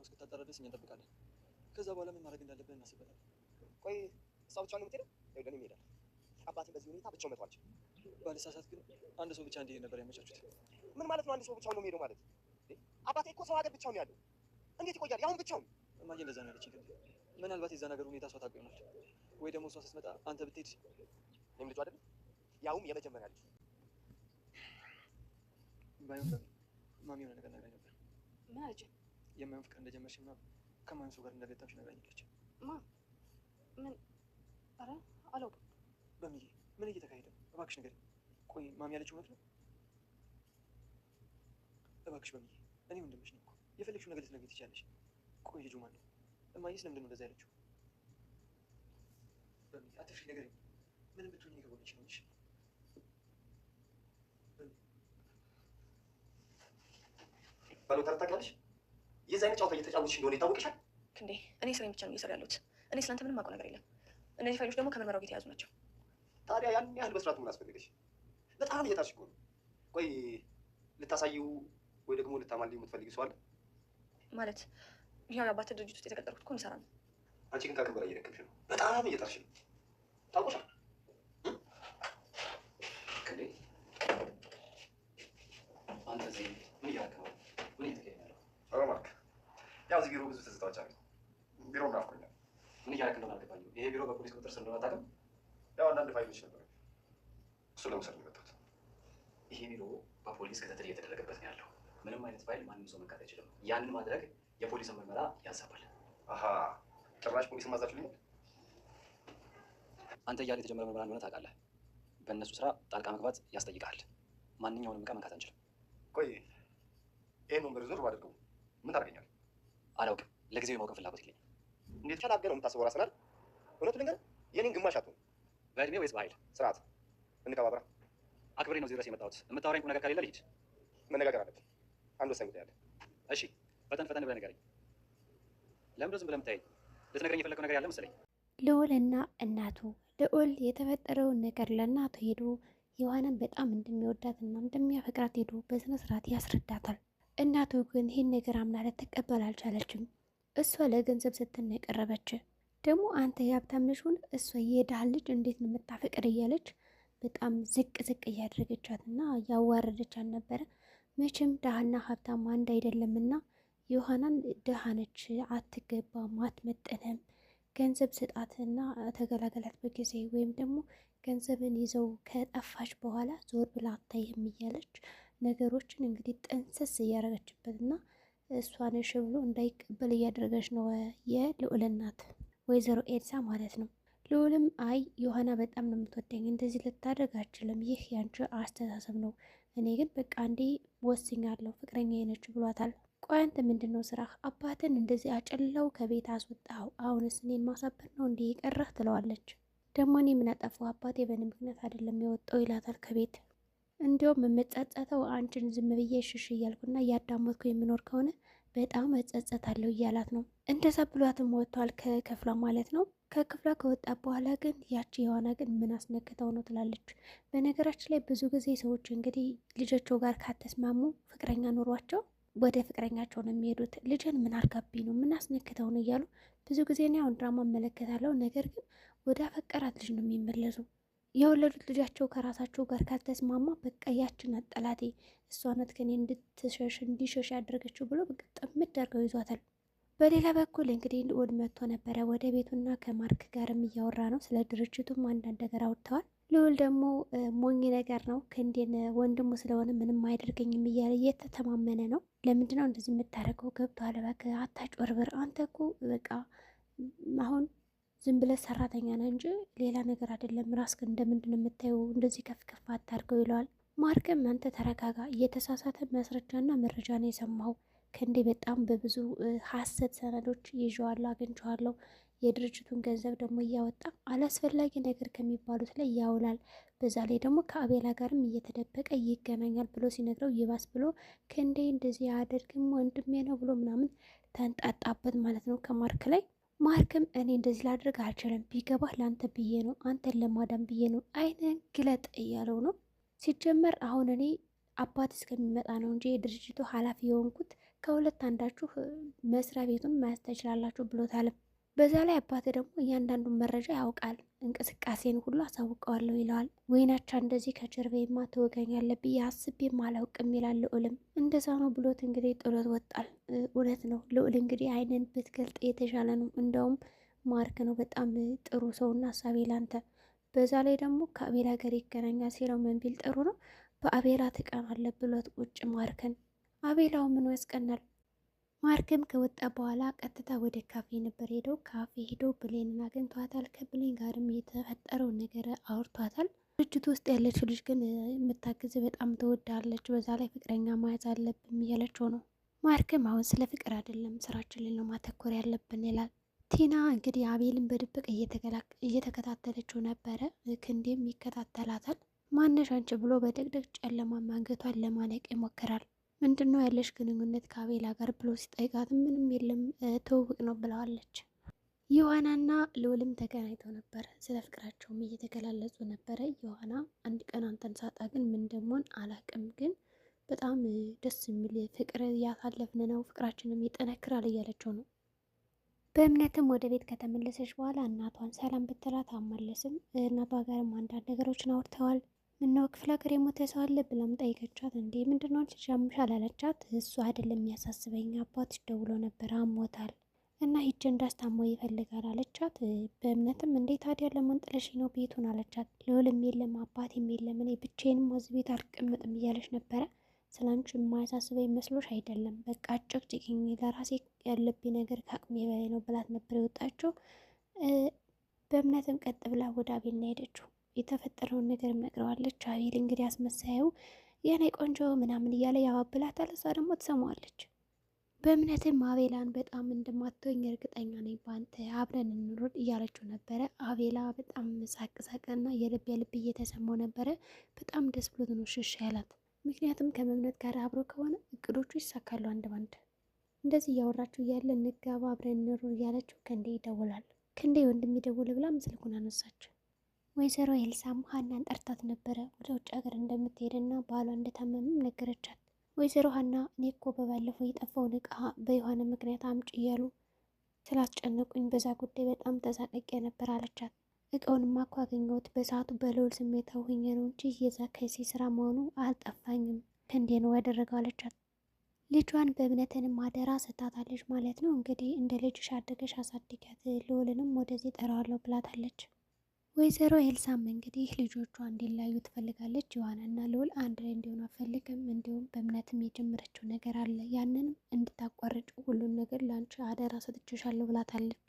ሁኔታው እስከታጠረ ድረስ እኛ እንጠብቃለን። ከዛ በኋላ ምን ማድረግ እንዳለብን እናስበናል። ቆይ እሷ ብቻዋን ነው የምትሄደው? ይኸውልህ እኔም አባቴ በዚህ ሁኔታ ብቻውን መተው አልችልም። ባለሳሳት ግን አንድ ሰው ብቻ እንዲሄድ ነበር ያመቻቹት። ምን ማለት ነው? አንድ ሰው ብቻውን ነው የሚሄደው ማለት? አባቴ እኮ ሰው ሀገር ነው ያለው እንዴት ይቆያል? ያሁን ነው። እማዬ እንደዛ ነው ያለችኝ። ምናልባት የዛ ነገር ሁኔታ እሷ ታውቅ ይሆናል ወይ ደግሞ እሷ ስትመጣ አንተ ብትሄድ እኔም ልጁ አይደለም ያውም የመጀመሪያ ልጅ ባይሆን ማሚ የሆነ ነገር ነግራኝ ነበር። ምን አለችህ? የማይሆን ፍቅር እንደጀመርሽ እና ከማይሆን ሰው ጋር እንደገጠምሽ ነግራኛለች። ማ ምን? ኧረ አላውቅም። በምዬ ምን እየተካሄደ ነው? እባክሽ ንገሪኝ። ቆይ ማሚ ያለችው እውነት ነው? እባክሽ በምዬ እኔ ወንድምሽ ነው እኮ የፈለግሽው ነገር ልትነግሪኝ ትችያለሽ። ቆይ ልጁ ማነው? እማዬስ ለምንድን ነው እንደዛ ያለችው? በምዬ አትፍሽ፣ ንገሪኝ። ምንም ብትሆኝ የገባች ነው እንጂ ባለው ተርታቃለሽ የዚህ አይነት ጨዋታ እየተጫወትሽ እንደሆነ ይታወቅሻል። ክንዴ እኔ ስራዬን ብቻ ነው እየሰራ ያሉት። እኔ ስለአንተ ምንም አውቀው ነገር የለም። እነዚህ ፋይሎች ደግሞ ከምርመራው የተያዙ ናቸው። ታዲያ ያን ያህል መስራት ምን አስፈልገሽ? በጣም እየጣርሽ እኮ ነው። ቆይ ልታሳዩ ወይ ደግሞ ልታማልዩ የምትፈልጊው ሰው አለ ማለት? ያው የአባት ድርጅት ውስጥ የተቀጠርኩት እኮ የሚሰራ ነው። አንቺ ግን ከአቅም በላይ እየደከምሽ ነው። በጣም እየጣርሽ ነው። ታውቆሻል አንተ እዚህ ምን እያደረክ ምን እየተገኘ ነው? ያው እዚህ ቢሮ ብዙ ትዝታዎች አሉ። ቢሮ ናፍቆኛል። ምን እያደረክ እንደሆነ አልገባኝም። ይሄ ቢሮ በፖሊስ ቁጥር ስር እንደሆነ አታውቅም? ያው አንዳንድ ፋይሎች ነበር፣ እሱ ለመውሰድ ነው የመጣሁት። ይሄ ቢሮ በፖሊስ ክትትል እየተደረገበት ነው ያለው። ምንም አይነት ፋይል ማንም ሰው መንካት አይችልም። ያንን ማድረግ የፖሊስን ምርመራ ያዛባል። አሀ ጭራሽ ፖሊስን ማዛችሁልኛል። አንተ እያለ የተጀመረ ምርመራ እንደሆነ ታውቃለህ። በእነሱ ስራ ጣልቃ መግባት ያስጠይቃል። ማንኛውንም ዕቃ መንካት አንችልም። ቆይ ይህን ወንበር ዞር ባደርገው ምን ታደርገኛለህ? አላውቅም። ለጊዜው የማውቅም ፍላጎት የለኝም። እንዴት ቻል አድርገህ ነው የምታስበው? ራስናል እውነቱ ልንገር፣ የኔን ግማሽ አትሆን። በእድሜ ወይስ በኃይል ስርዓት እንከባብራ። አክብሬ ነው እዚህ ድረስ የመጣሁት። የምታወራኝ ቁም ነገር ከሌለ ልሂድ። መነጋገር አለብን። አንድ ወሳኝ ጉዳይ አለ። እሺ፣ ፈጠን ፈጠን ብለህ ንገረኝ። ለምዶ ዝም ብለህ የምታየኝ? ልትነግረኝ የፈለግከው ነገር ያለ መሰለኝ። ልዑልና እናቱ ልዑል የተፈጠረውን ነገር ለእናቱ ሄዶ ሔዋንን በጣም እንደሚወዳትና እንደሚያፈቅራት ሄዶ በስነ ስርዓት ያስረዳታል። እናቱ ግን ይህን ነገር አምና ልትቀበል አልቻለችም። እሷ ለገንዘብ ስትል ነው የቀረበች። ደግሞ አንተ የሀብታም ልጅ ሁን፣ እሷ የድሃ ልጅ እንዴት ነው የምታፈቅር እያለች በጣም ዝቅ ዝቅ እያደረገቻትና እያዋረደች አልነበረ። መቼም ድሃና ሀብታም አንድ አይደለምና ዮሐናን ድሃ ነች፣ አትገባም፣ አትመጥንም፣ ገንዘብ ስጣትና ተገላገላት በጊዜ ወይም ደግሞ ገንዘብን ይዘው ከጠፋች በኋላ ዞር ብላ አታይም እያለች ነገሮችን እንግዲህ ጥንስስ እያደረገችበት እና እሷን ሽብሎ እንዳይቀበል እያደረገች ነው የልዑል እናት ወይዘሮ ኤልሳ ማለት ነው። ልዑልም አይ ዮሐና በጣም ነው የምትወደኝ፣ እንደዚህ ልታደርግ አችልም፣ ይህ ያንቺ አስተሳሰብ ነው። እኔ ግን በቃ አንዴ ወስኛለሁ፣ ፍቅረኛ ነች ብሏታል። ቆይ አንተ ምንድን ነው ስራህ? አባትን እንደዚህ አጨላው ከቤት አስወጣው፣ አሁንስ እኔን ማሳበር ነው እንዲህ የቀረህ ትለዋለች። ደግሞ እኔ ምን አጠፋሁ? አባቴ በእኔ ምክንያት አይደለም የወጣው ይላታል ከቤት እንዲሁም የምጸጸተው አንቺን ዝም ብዬ ሽሽ እያልኩና እያዳመጥኩ የምኖር ከሆነ በጣም እጸጸታለሁ እያላት ነው። እንደዛ ብሏትም ወጥቷል ከክፍሏ ማለት ነው። ከክፍሏ ከወጣ በኋላ ግን ያቺ የዋና ግን ምን አስነክተው ነው ትላለች። በነገራችን ላይ ብዙ ጊዜ ሰዎች እንግዲህ ልጆቸው ጋር ካተስማሙ ፍቅረኛ ኑሯቸው ወደ ፍቅረኛቸው ነው የሚሄዱት። ልጅን ምን አርጋብኝ ነው ምን አስነክተው ነው እያሉ ብዙ ጊዜ እኔ አሁን ድራማ እመለከታለሁ። ነገር ግን ወደ አፈቀራት ልጅ ነው የሚመለሱ። የወለዱት ልጃቸው ከራሳቸው ጋር ካልተስማማ በቃ ያችን አጠላቴ እሷ ናት ከኔ እንድትሸሽ እንዲሸሽ ያደረገችው ብሎ በቃ ጥምድ አድርገው ይዟታል። በሌላ በኩል እንግዲህ ልዑል መጥቶ ነበረ ወደ ቤቱና ከማርክ ጋርም እያወራ ነው። ስለ ድርጅቱም አንዳንድ ነገር አውጥተዋል። ልዑል ደግሞ ሞኝ ነገር ነው ከእንዴን ወንድሙ ስለሆነ ምንም አያደርገኝም እያለ እየተተማመነ ነው። ለምንድነው እንደዚህ የምታደርገው? ገብቶሃል? አታጭ ወርብር አንተ እኮ በቃ አሁን ዝም ብለህ ሰራተኛ ነህ እንጂ ሌላ ነገር አይደለም። ራስህ እንደምንድን የምታየው? እንደዚህ ከፍ ከፍ አታድርገው ይለዋል። ማርክም አንተ ተረጋጋ፣ እየተሳሳተ ማስረጃና መረጃ ነው የሰማው። ከእንዴ በጣም በብዙ ሀሰት ሰነዶች ይዤዋለሁ፣ አግኝቼዋለሁ። የድርጅቱን ገንዘብ ደግሞ እያወጣ አላስፈላጊ ነገር ከሚባሉት ላይ ያውላል። በዛ ላይ ደግሞ ከአቤላ ጋርም እየተደበቀ ይገናኛል ብሎ ሲነግረው ይባስ ብሎ ከእንዴ እንደዚህ አያደርግም ወንድሜ ነው ብሎ ምናምን ተንጣጣበት ማለት ነው ከማርክ ላይ ማርክም እኔ እንደዚህ ላድርግ አልችልም፣ ቢገባህ ለአንተ ብዬ ነው፣ አንተን ለማዳም ብዬ ነው፣ አይንህን ግለጥ እያለው ነው። ሲጀመር አሁን እኔ አባት እስከሚመጣ ነው እንጂ የድርጅቱ ኃላፊ የሆንኩት ከሁለት አንዳችሁ መስሪያ ቤቱን ማያዝ ትችላላችሁ ብሎታልም። በዛ ላይ አባቴ ደግሞ እያንዳንዱን መረጃ ያውቃል፣ እንቅስቃሴን ሁሉ አሳውቀዋለሁ ይለዋል። ወይናቻ እንደዚህ ከጀርቤማ ትወገኛለህ ብዬ አስቤም አላውቅም ይላል። ልዑልም እንደዛ ነው ብሎት እንግዲህ ጥሎት ወጣል። እውነት ነው ልዑል እንግዲህ አይንን ብትገልጥ የተሻለ ነው። እንደውም ማርክ ነው በጣም ጥሩ ሰውና አሳቢ ላንተ። በዛ ላይ ደግሞ ከአቤላ ጋር ይገናኛል ሲለው መንቢል ጥሩ ነው በአቤላ ትቀናለህ ብሎት ቁጭ ማርክን። አቤላው ምን ያስቀናል? ማርክም ከወጣ በኋላ ቀጥታ ወደ ካፌ ነበር ሄደው። ካፌ ሄዶ ብሌንን አግኝቷታል። ከብሌን ጋርም የተፈጠረውን ነገር አውርቷታል። ድርጅቱ ውስጥ ያለችው ልጅ ግን የምታግዝ በጣም ትወዳለች፣ በዛ ላይ ፍቅረኛ መያዝ አለብን እያለችው ነው። ማርክም አሁን ስለ ፍቅር አይደለም ስራችን ላይ ነው ማተኮር ያለብን ይላል። ቲና እንግዲህ አቤልን በድብቅ እየተከታተለችው ነበረ። ክንዴም ይከታተላታል። ማነሽ ብሎ በድቅድቅ ጨለማ ማንገቷን ለማነቅ ይሞክራል። ምንድን ነው ያለሽ ግንኙነት ከአቤላ ጋር ብሎ ሲጠይቃት ምንም የለም ትውውቅ ነው ብለዋለች። ዮሐናና ልውልም ተገናኝተው ነበር። ስለ ፍቅራቸውም እየተገላለጹ ነበረ። ዮሐና አንድ ቀን አንተን ሳጣ ግን ምን እንደምሆን አላቅም፣ ግን በጣም ደስ የሚል ፍቅር እያሳለፍን ነው፣ ፍቅራችንም ይጠነክራል እያለችው ነው። በእምነትም ወደ ቤት ከተመለሰች በኋላ እናቷን ሰላም ብትላት አመለስም እናቷ ጋርም አንዳንድ ነገሮችን አውርተዋል። ምነው ክፍለ ሀገር የሞተ ሰው አለ ብላም ጠይቀቻት። እንዴ ምንድነው ሻምሽ አላለቻት። እሱ አይደለም የሚያሳስበኝ አባትሽ ደውሎ ነበር አሞታል እና ሂጅ እንዳስታሞ ይፈልጋል አለቻት። በእምነትም እንዴ ታዲያ ለማን ጥለሽ ነው ቤቱን አለቻት። ልውልም የለም አባቴም የለም እኔ ብቻዬንም እዚህ ቤት አልቀመጥም እያለች ነበረ። ስላንቺ የማያሳስበኝ መስሎሽ አይደለም በቃ አጨቅጭቂኝ፣ ለራሴ ያለብኝ ነገር ከአቅሜ በላይ ነው ብላት ነበር የወጣችው። በእምነትም ቀጥ ብላ ወደ አቤና ሄደችው። የተፈጠረውን ነገር ነግረዋለች። አቤል እንግዲህ አስመሳየው የኔ ቆንጆ ምናምን እያለ ያባብላታል። እሷ ደግሞ ትሰማዋለች። በእምነትም አቤላን በጣም እንደማትወኝ እርግጠኛ ነኝ፣ በአንተ አብረን እንኑር እያለችው ነበረ። አቤላ በጣም ሳቅሳቅና የልብ የልብ እየተሰማው ነበረ። በጣም ደስ ብሎት ነው ሽሽ ያላት። ምክንያቱም ከመምነት ጋር አብሮ ከሆነ እቅዶቹ ይሳካሉ አንድ ባንድ። እንደዚህ እያወራችሁ እያለ እንጋባ አብረን እንኑር እያለችው ከእንዴ ይደውላል። ከእንዴ ወንድም ይደውል ብላ ምስልኩን አነሳችው። ወይዘሮ ኤልሳም ሀናን ጠርታት ነበረ ወደ ውጭ ሀገር እንደምትሄድና ባሏ እንደታመምም ነገረቻት። ወይዘሮ ሀና እኔ እኮ በባለፈው የጠፋውን እቃ በዮሐን ምክንያት አምጪ እያሉ ስላስጨነቁኝ በዛ ጉዳይ በጣም ተሳቀቄ ነበር አለቻት። እቃውንማ እኮ አገኘሁት በሰዓቱ በልዑል ስሜት አውኜ ነው እንጂ የዛ ከሴ ስራ መሆኑ አልጠፋኝም። ክንዴ ነው ያደረገው አለቻት። ልጇን በእምነትንም አደራ ሰታታለች ማለት ነው። እንግዲህ እንደ ልጅሽ አድርገሽ አሳድጊያት፣ ልዑልንም ወደዚህ ጠራዋለሁ ብላታለች። ወይዘሮ ኤልሳም እንግዲህ ልጆቿ እንዲለያዩ ትፈልጋለች። እና ልዑል አንድ ላይ እንዲሆኑ አፈልግም። እንዲሁም በእምነትም የጀመረችው ነገር አለ። ያንንም እንድታቋርጭ ሁሉን ነገር ለአንቺ አደራ ሰጥቼሻለሁ ብላታለች።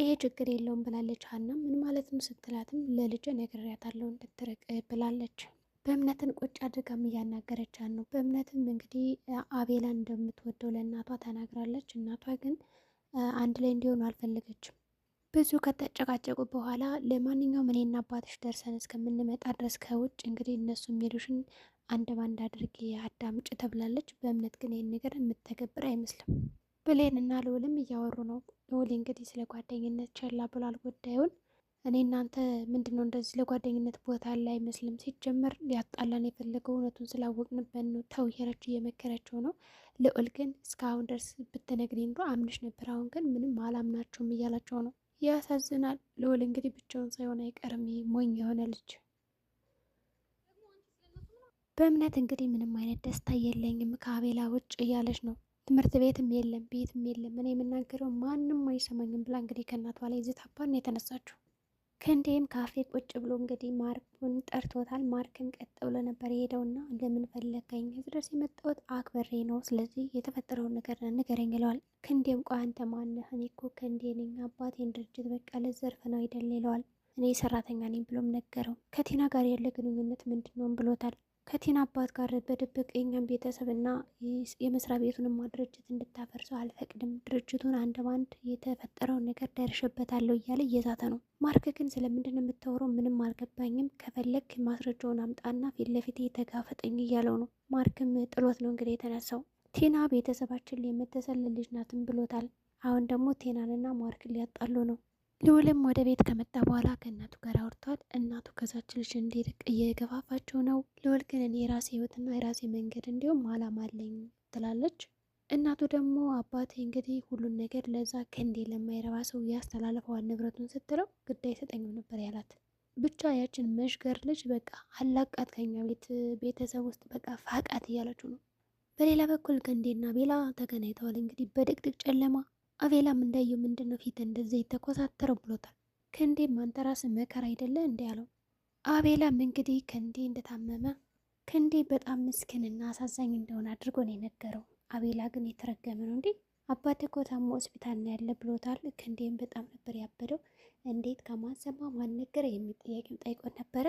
ይሄ ችግር የለውም ብላለች። ሀና ምን ማለትም ስትላትም ለልጄ ነግሬያታለሁ እንድትርቅ ብላለች። በእምነትን ቁጭ አድርጋም እያናገረች ነው። በእምነትም እንግዲህ አቤላ እንደምትወደው ለእናቷ ተናግራለች። እናቷ ግን አንድ ላይ እንዲሆኑ አልፈለገችም። ብዙ ከተጨቃጨቁ በኋላ ለማንኛውም እኔና አባትሽ ደርሰን እስከምንመጣ ድረስ ከውጭ እንግዲህ እነሱ የሚሉሽን አንድ ባንድ አድርጌ አዳምጭ ተብላለች። በእምነት ግን ይህን ነገር የምተገብር አይመስልም። ብሌን እና ልውልም እያወሩ ነው። ልውል እንግዲህ ስለ ጓደኝነት ቸላ ብሏል ጉዳዩን። እኔ እናንተ ምንድን ነው እንደዚህ ለጓደኝነት ቦታ አለ አይመስልም። ሲጀመር ሊያጣላን የፈለገው እውነቱን ስላወቅንበት ነው። ተው እየረች እየመከረችው ነው። ልዑል ግን እስካሁን ድረስ ብትነግሪኝ ኑሮ አምንሽ ነበር፣ አሁን ግን ምንም አላምናቸውም እያላቸው ነው። ያሳዝናል። ልዑል እንግዲህ ብቻውን ሳይሆን አይቀርም ሞኝ የሆነ ልጅ። በእምነት እንግዲህ ምንም አይነት ደስታ የለኝም ከአቤላ ውጭ እያለች ነው። ትምህርት ቤትም የለም ቤትም የለም እኔ የምናገረው ማንም አይሰማኝም ብላ እንግዲህ ከእናቷ ላይ ዝታባን የተነሳችው። ክንዴም ካፌ ቁጭ ብሎ እንግዲህ ማርኩን ጠርቶታል። ማርክን ቀጥ ብሎ ነበር የሄደውና እንደምን ፈለገኝ እዚህ ድረስ የመጣሁት ነው፣ ስለዚህ የተፈጠረውን ነገር ንገረኝ ይለዋል። ክንዴም ቆይ አንተ ማነህ? እኔ እኮ ክንዴ ነኝ፣ አባቴን ድርጅት በቀለ ዘርፍ ነው አይደል ይለዋል። እኔ ሰራተኛ ነኝ ብሎም ነገረው። ከቴና ጋር ያለ ግንኙነት ምንድን ነው ብሎታል። ከቲና አባት ጋር በድብቅ የኛም ቤተሰብና የመስሪያ ቤቱንማ ድርጅት እንድታፈርሰው አልፈቅድም፣ ድርጅቱን አንድ ባንድ የተፈጠረውን ነገር ደርሼበታለሁ እያለ እየዛተ ነው። ማርክ ግን ስለምንድን ነው ምንም አልገባኝም። ከፈለግ ማስረጃውን አምጣና ፊት ለፊት የተጋፈጠኝ እያለው ነው። ማርክም ጥሎት ነው እንግዲህ የተነሳው። ቲና ቤተሰባችን የምትሰልል ልጅ ብሎታል። አሁን ደግሞ ቴናንና ማርክ ሊያጣሉ ነው። ልዑልም ወደ ቤት ከመጣ በኋላ ከእናቱ ጋር አውርቷል። እናቱ ከዛች ልጅ እንዲርቅ እየገፋፋቸው ነው። ልዑል ግን እኔ የራሴ ህይወትና የራሴ መንገድ እንዲሁም አላማ አለኝ ትላለች። እናቱ ደግሞ አባቴ እንግዲህ ሁሉን ነገር ለዛ ክንዴ ለማይረባ ሰው ያስተላልፈዋል ንብረቱን ስትለው ግዳይ ሰጠኝም ነበር ያላት። ብቻ ያችን መሽገር ልጅ በቃ አላቃት ከኛ ቤት ቤተሰብ ውስጥ በቃ ፋቃት እያለችው ነው። በሌላ በኩል ክንዴና ቤላ ተገናኝተዋል። እንግዲህ በድቅድቅ ጨለማ አቤላም እንዳየው ምንድን ነው ፊት እንደዚ የተኮሳተረው ብሎታል። ክንዴ አንተ ራስህ መከራ አይደለ እንዲ ያለው። አቤላም እንግዲህ ክንዴ እንደታመመ ክንዴ በጣም ምስኪንና አሳዛኝ እንደሆነ አድርጎ ነው የነገረው። አቤላ ግን የተረገመ ነው እንዴ አባቴ እኮ ታሞ ሆስፒታል ነው ያለ ብሎታል። ክንዴም በጣም ነበር ያበደው። እንዴት ከማሰማ ማን ነገረ የሚል ጥያቄም ጠይቆት ነበረ።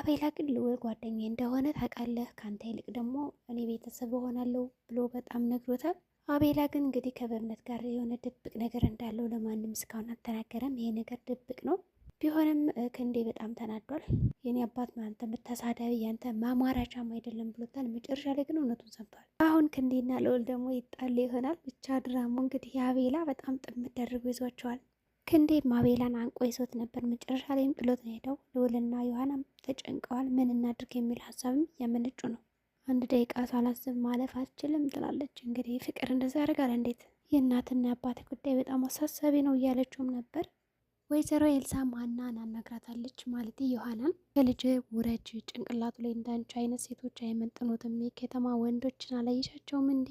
አቤላ ግን ልውል ጓደኛ እንደሆነ ታውቃለህ፣ ከአንተ ይልቅ ደግሞ እኔ ቤተሰብ እሆናለሁ ብሎ በጣም ነግሮታል። አቤላ ግን እንግዲህ ከበእምነት ጋር የሆነ ድብቅ ነገር እንዳለው ለማንም እስካሁን አልተናገረም። ይሄ ነገር ድብቅ ነው። ቢሆንም ክንዴ በጣም ተናዷል። የኔ አባት ነው አንተ የምታሳዳቢ ያንተ ማሟራቻም አይደለም ብሎታል። መጨረሻ ላይ ግን እውነቱን ሰምቷል። አሁን ክንዴና ልዑል ደግሞ ይጣሉ ይሆናል። ብቻ ድራሙ እንግዲህ የአቤላ በጣም ጥምድ ደርጎ ይዟቸዋል። ክንዴ አቤላን አንቆ ይዞት ነበር። መጨረሻ ላይም ጥሎት ነው ሄደው። ልዑልና ዮሐናም ተጨንቀዋል። ምን እናድርግ የሚል ሀሳብም ያመነጩ ነው። አንድ ደቂቃ ሳላስብ ማለፍ አልችልም ትላለች። እንግዲህ ፍቅር እንደዚህ ያደርጋል እንዴት? የእናትና አባት ጉዳይ በጣም አሳሳቢ ነው እያለችውም ነበር። ወይዘሮ ኤልሳ ማናን አናግራታለች ማለት ዮሐናን ከልጅ ውረጅ፣ ጭንቅላቱ ላይ እንዳንቺ አይነት ሴቶች አይመጥኑትም፣ የከተማ ወንዶችን አላየሻቸውም እንዴ?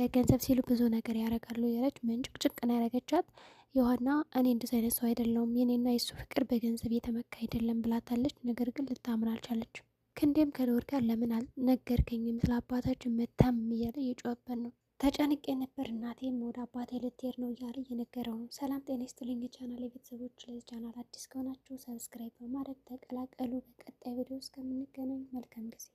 ለገንዘብ ሲሉ ብዙ ነገር ያደርጋሉ ያለች መንጭቅ ጭቅን ያደረገቻት። ዮሐና እኔ እንደዚ አይነት ሰው አይደለውም፣ የኔና የሱ ፍቅር በገንዘብ የተመካ አይደለም ብላታለች። ነገር ግን ልታምን አልቻለችም። ክንዴም ከዶር ጋር ለምን አልነገርከኝም? ስለ አባታችን መታም እያለ እየጮኸበት ነው። ተጨንቄ ነበር እናቴም ወደ አባቴ ልትሄድ ነው እያለ እየነገረው ነው። ሰላም ጤና ይስጥልኝ የቻናል ቤተሰቦች፣ ለዚህ ቻናል አዲስ ከሆናችሁ ሰብስክራይብ በማድረግ ተቀላቀሉ። በቀጣይ ቪዲዮ እስከምንገናኝ መልካም ጊዜ